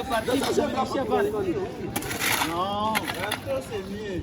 c'est parti, c'est parti. Non, c'est mieux.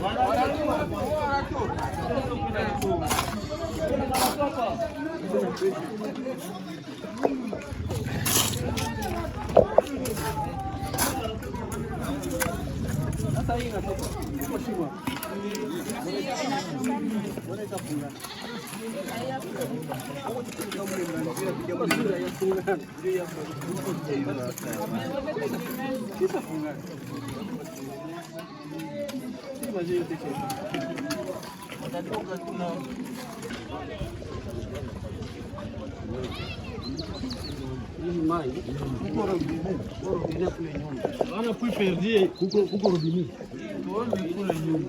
Bora, Ana pui perdi kuko kuko rubini. Ndio kule nyuma.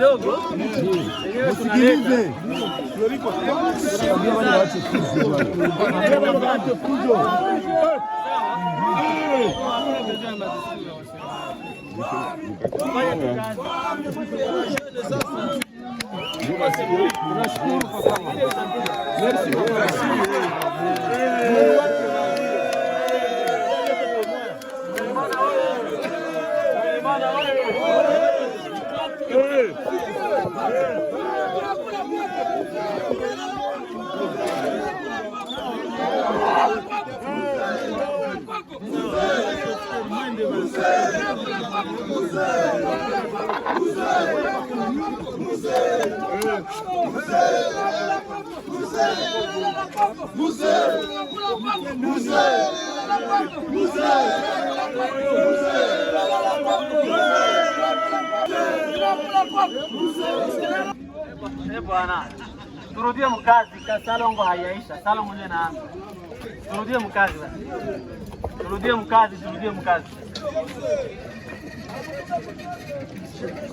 deu, gol? Consegui nem ver. Merci. Merci. Bwana, turudie mkazi. Salongo haiyaisha, Salongo ndio inaanza. Turudie mkazi, turudie mkazi, turudie mkazi.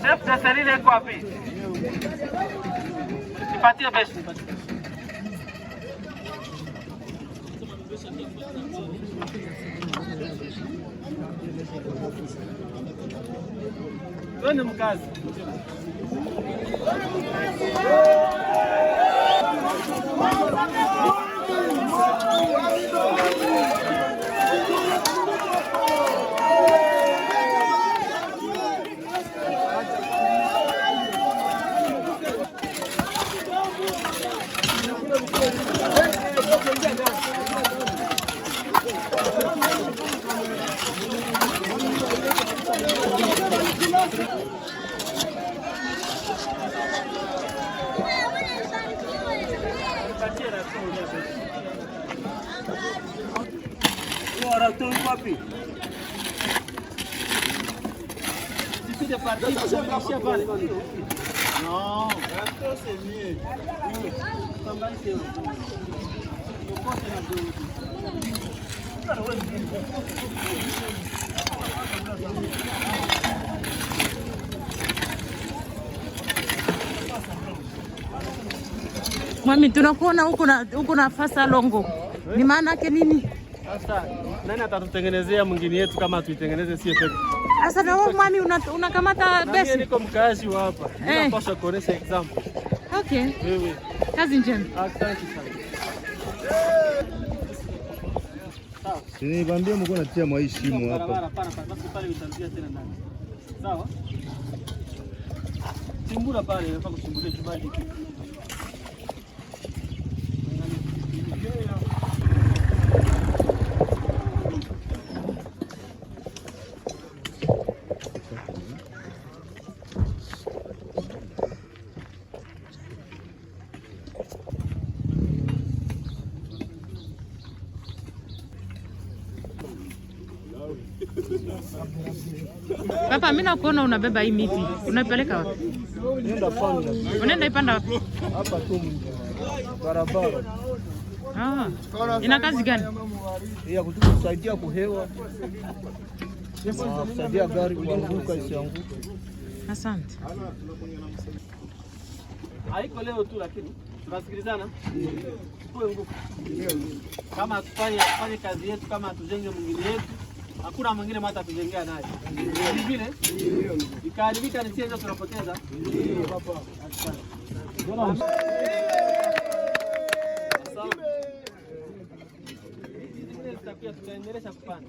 Você preferiria qual vez? Simpatia ou besta? Dona Mukasa. Vamos Mukasa. Mwami, tunakuona huko na fasa longo, ni maana yake nini? Sasa nani atatutengenezea mwingine yetu kama tuitengeneze sie peke? Sasa na wewe mwami unakamata una basi. Niko mkaaji hapa. Eh. Napaswa kuonesha example yake. Wewe. Kazi njema. Asante sana. Niliwaambia mko natia maheshima hapa. Basi pale nitamtia tena Sawa? Timbura pale, hapa kuchimbulia kibaji. Papa, mimi nakuona unabeba hii miti, unaipeleka wapi? Unaenda ipanda wapi? Hapa tu barabara. Ah, ina kazi gani? Ya kutusaidia kuhewa, kusaidia gari kuanguka isianguke. Asante. Haiko leo tu lakini tunasikilizana nguvu. Kama hatufanye kazi yetu, kama hatujenge mwingine yetu hakuna mwingine mata atujengea naye vile ikiharibika, ni sisi tunapoteza. Tutaendelea kupanda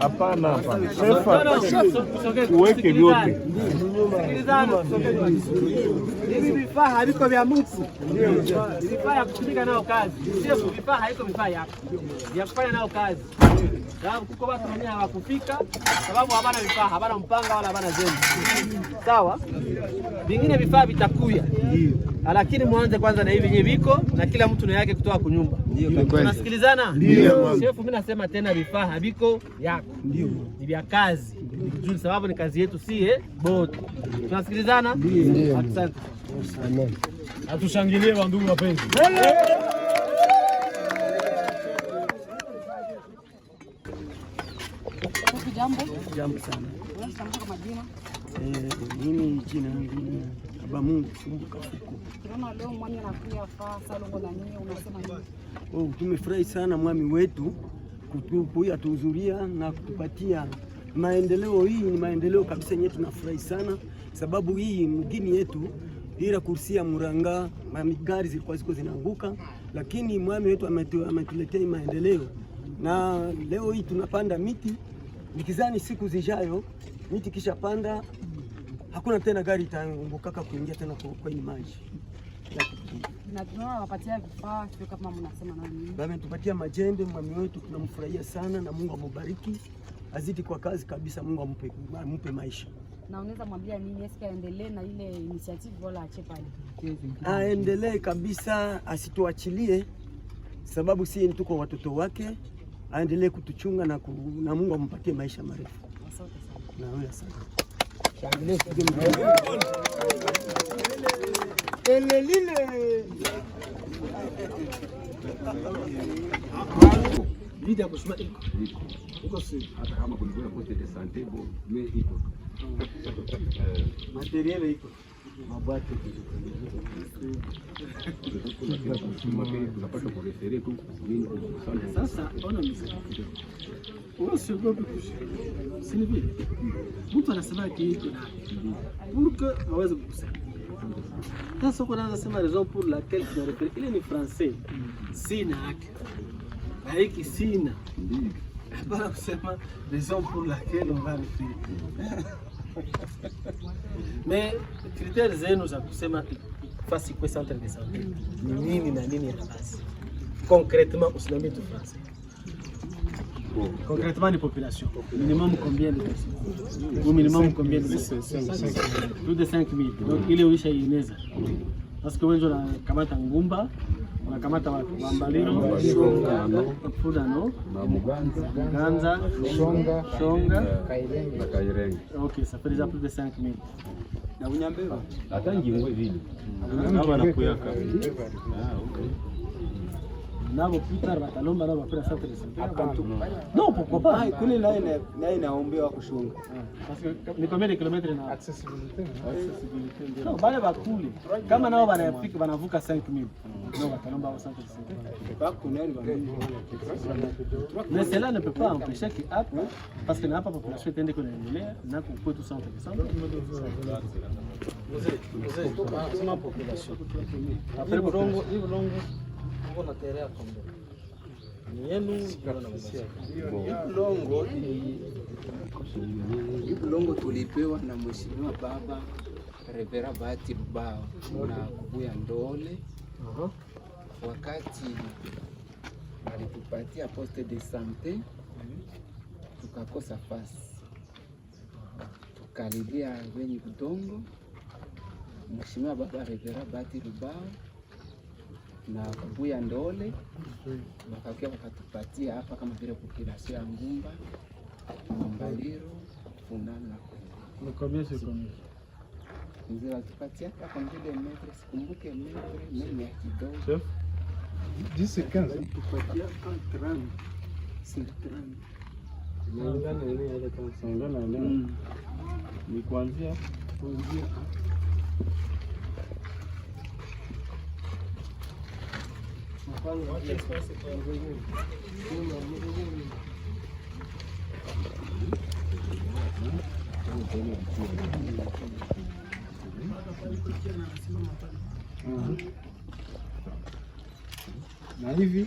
Hapana, hapana, uweke vyote. Hivi vifaa haviko vya mtu, vifaa ya kutumika nao kazi, sio vifaa, haiko vifaa ya kufanya nao kazi. Sababu kuko watu wenyewe hawakufika, sababu hawana vifaa, hawana mpanga wala habana zeni. Sawa, vingine vifaa vitakuya lakini mwanze kwanza na hivi nyewe viko na kila mtu na yake kutoka kunyumba. Tunasikilizana? Shefu, mimi nasema tena vifaa haviko yako. Ni vya kazi. Juu sababu ni kazi yetu sie eh, bote. Tunasikilizana? Ndio. Asante. Amen. Atushangilie wandugu wapenzi. Jambo sana. Eh, mimi jina langu Baba Mungu kumbuka Oh, tumefurahi sana mwami wetu kutukuya tuhudhuria na kutupatia maendeleo. Hii ni maendeleo kabisa yenyewe, tunafurahi sana sababu hii mgini yetu ila kursia muranga gari zilikuwa ziko zinaanguka, lakini mwami wetu ametuletea maendeleo, na leo hii tunapanda miti nikizani siku zijayo miti kisha panda hakuna tena gari itaangukaka kuingia tena kwa maji. ametupatia majembe, mami wetu tunamfurahia sana, na Mungu amubariki azidi kwa kazi kabisa. Mungu ampe, ampe maisha na unaweza mwambia nini? Eske aendelee na ile initiative wala ache pale? Aendelee kabisa, asituachilie sababu si tuko watoto wake. Aendelee kutuchunga na, ku, na Mungu ampatie maisha marefu. Asante sana ele lile Lida kusema iko. Iko si hata kama kulikuwa na poste de sante bo me iko. Materiel iko. Mabati tunapata kurefere tu nini. Sasa ona mzee. Usiogope kushiriki si ni vile mtu anasema kitu na pour aweze kusema sasa, soko naanza sema raison pour laquelle tunarefer ile ni français, sina haki na hiki sina bara kusema raison pour laquelle on va refer mais critère zenu za kusema fasi kwa centre de santé ni nini na nini, ya basi concretement usimamie tu français Concrètement, les populations. Minimum combien de personnes Ou minimum combien de personnes Plus de 5000. Donc ile ulishaineza sasa wengi wanakamata ngumba wanakamata watu wa Mbalilo, Fudano, Ganza, Shonga, eh, Kairenge. Okay, safari za plus de 5000 na unyambeva ah, hata ngingo hivi. Hapa ah, nakuyaka. Ah, okay navopita batalomba nao bapera no, pourquoi pas kuni naye naombewa kushunga bale bakule kama nao banayapika banavuka 5000 no batalomba mais cela ne peut pas empêcher que hapa parce que na hapa population itende kunaendelea na kukwetu centre de hii bulongo tulipewa na mheshimiwa baba Revera Bahati Rubao na kubuya Ndole wakati alitupatia poste de sante, tukakosa fasi, tukalilia wenye udongo. Mheshimiwa baba Revera Bahati Rubao na kubuya Ndole wakakia wakatupatia hapa kama vile kukirasia Ngumba, Mbaliro, Funana mzee watupatia kama vile metre, sikumbuke metre meme ya kidogo mm. ni kuanzia na hivi na hivi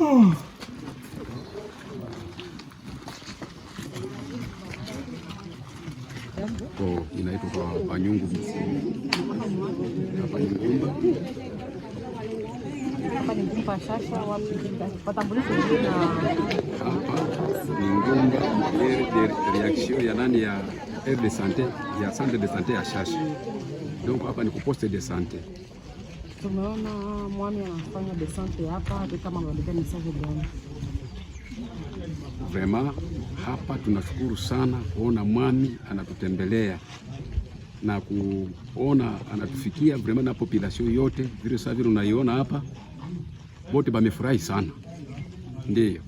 Oh, inaitwa kwa Panyungu Hapa ni Ngumba ni Ngumba de reaction ya nani ya aire de sante ya sante de sante ya Shasha. Donc hapa ni kuposte de sante tumeona mwami anafanya desante hapa kama message gani vema. hapa. Tunashukuru sana kuona mwami anatutembelea na kuona anatufikia vrema na population yote vile sasa vile unaiona hapa, wote bamefurahi sana ndio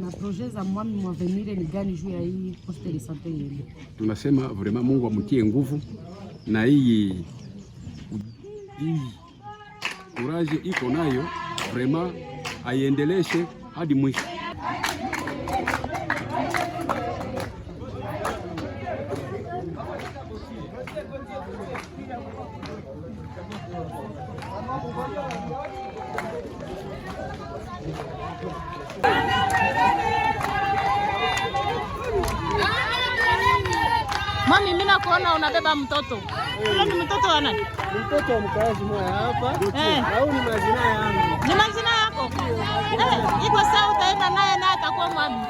Na projet za mwami venire ni gani juu ya hii poste de sante yenu? Tunasema vrema Mungu amtie nguvu na hii hii kuraje iko nayo vrema, aiendeleshe hadi mwisho. Mami, mimi nakuona unabeba mtoto. Yule ni mtoto wa nani? Mtoto wa mkazi mwa hapa. Eh. Au ni mazina yangu? Ni mazina yako? Eh, iko sawa, utaenda naye naye atakuwa mwami.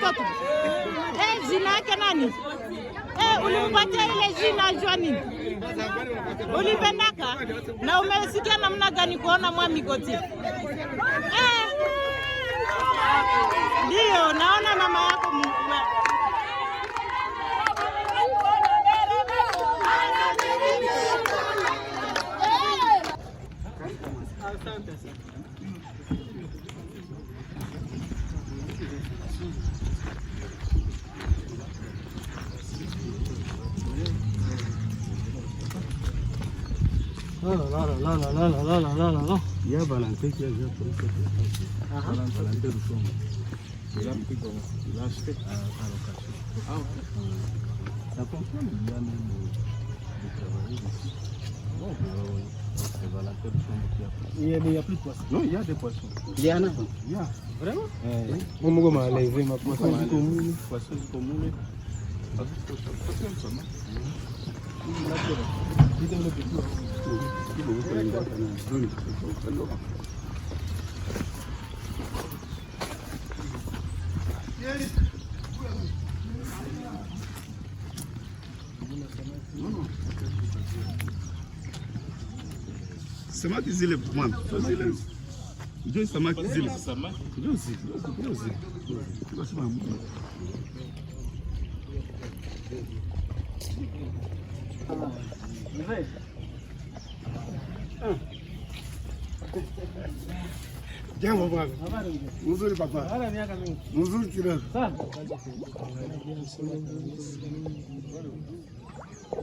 mtoto eh, jina yake nani? Eh, ulimpatia ile jina alijua Ulipendaka na umesikia namna gani kuona Mwamikoti? Eh, ndio naona mama yako No, no, no, no, no, no, no, no, Ya balance ya ya balance ah, balance ah, ah, la la no No, pero eh, la pues, No, ya Ya. la Samaki zile bwana. Zile. Njoo samaki zile. Njoo zile. Njoo zile. Njoo samaki. Gel baba. Muzur baba. Muzur kiraz. Sağ.